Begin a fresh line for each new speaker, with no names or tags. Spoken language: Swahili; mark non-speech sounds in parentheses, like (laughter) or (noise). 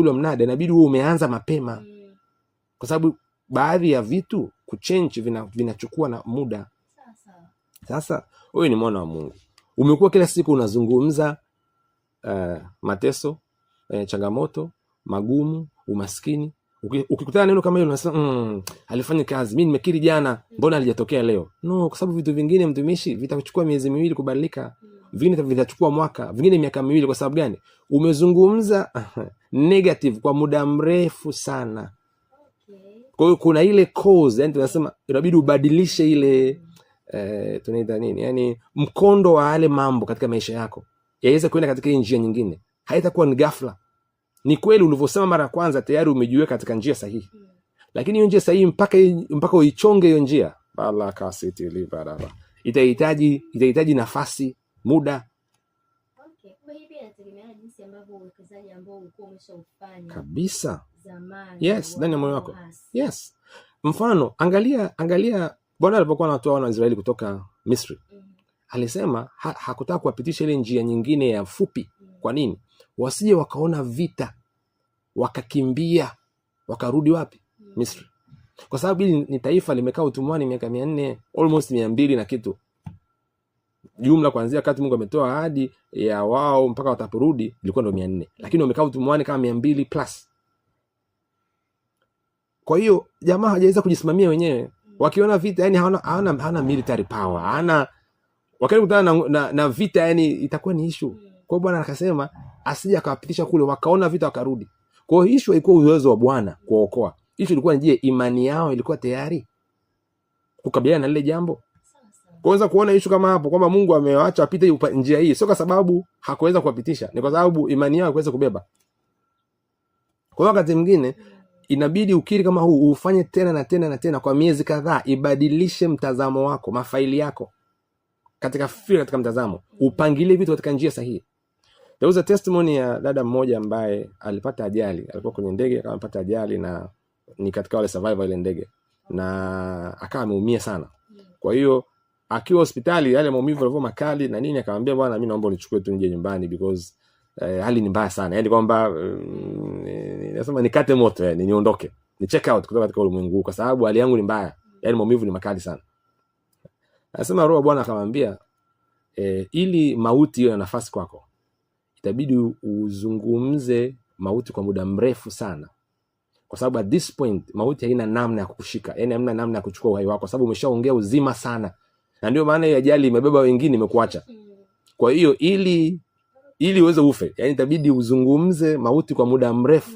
ule mnada inabidi huo umeanza mapema, mm. kwa sababu baadhi ya vitu kuchange vinachukua vina na muda. Sasa huyu ni mwana wa Mungu, umekuwa kila siku unazungumza uh, mateso uh, changamoto magumu, umaskini. Ukikutana neno kama hilo unasema mm, alifanya kazi, mi nimekiri jana, mbona alijatokea leo? No, kwa sababu vitu vingine mtumishi, vitachukua miezi miwili kubadilika, mm. vingine vitachukua mwaka, vingine miaka miwili. Kwa sababu gani? Umezungumza (laughs) negative kwa muda mrefu sana. Kwa hiyo kuna ile cause, yani tunasema inabidi ubadilishe ile eh, tunaita nini, yani mkondo wa yale mambo katika maisha yako yaweze kuenda katika njia nyingine, haitakuwa ni ghafla. Ni kweli ulivyosema mara ya kwanza tayari umejiweka katika njia sahihi, hmm. lakini hiyo njia sahihi mpaka mpaka uichonge hiyo njia, itahitaji itahitaji nafasi, muda kabisa zamani. Yes, ndani ya moyo wako. Yes. Mfano, angalia angalia Bwana alipokuwa anatoa wana wa Israeli kutoka Misri. Mm -hmm. Alisema ha, hakutaka kuwapitisha ile njia nyingine ya fupi. Mm -hmm. Kwa nini? Wasije wakaona vita, wakakimbia, wakarudi wapi? Mm -hmm. Misri. Kwa sababu hili ni taifa limekaa utumwani miaka mia nne almost mia mbili na kitu jumla kuanzia wakati Mungu ametoa ahadi ya wao mpaka wataporudi ilikuwa ndo mia nne lakini wamekaa utumwani kama mia mbili plus. Kwa hiyo jamaa hajaweza kujisimamia wenyewe, wakiona vita yani hawana, hawana, hawana military power hawana, kutana na, na, na vita yani itakuwa ni ishu. Kwa hiyo Bwana akasema asije akawapitisha kule, wakaona vita wakarudi. Kwa hiyo ishu haikuwa uwezo wa Bwana kuokoa, ishu ilikuwa ni je, imani yao ilikuwa tayari kukabiliana na lile jambo Unaweza kuona ishu kama hapo kwamba Mungu amewaacha apite njia hii, sio kwa sababu hakuweza kuwapitisha, ni kwa sababu imani yao haikuweza kubeba. Kwa hiyo wakati mwingine inabidi ukiri kama huu ufanye tena na tena na tena kwa miezi kadhaa, ibadilishe mtazamo wako, mafaili yako katika fikra, katika mtazamo, upangilie vitu katika njia sahihi. There was a testimony ya dada mmoja ambaye alipata ajali, alikuwa kwenye ndege akawa amepata ajali, na ni katika wale survivor ile ndege, na akawa ameumia sana, kwa hiyo akiwa hospitali, yale maumivu yalikuwa makali na nini, akamwambia bwana, mimi naomba unichukue tu nje nyumbani because eh, hali ni mbaya sana, yani kwamba mm, nasema nikate moto, yani niondoke, ni check out kutoka katika ulimwengu kwa sababu hali yangu ni mbaya, yani maumivu ni makali sana. Anasema roho Bwana akamwambia eh, ili mauti hiyo na nafasi kwako, itabidi uzungumze mauti kwa muda mrefu sana kwa sababu at this point mauti haina namna ya kukushika, yani hamna namna ya kuchukua uhai wako, kwa sababu umeshaongea uzima sana na ndio maana ile ajali imebeba wengine imekuacha. Kwa hiyo ili ili uweze ufe, yani itabidi uzungumze mauti kwa muda mrefu.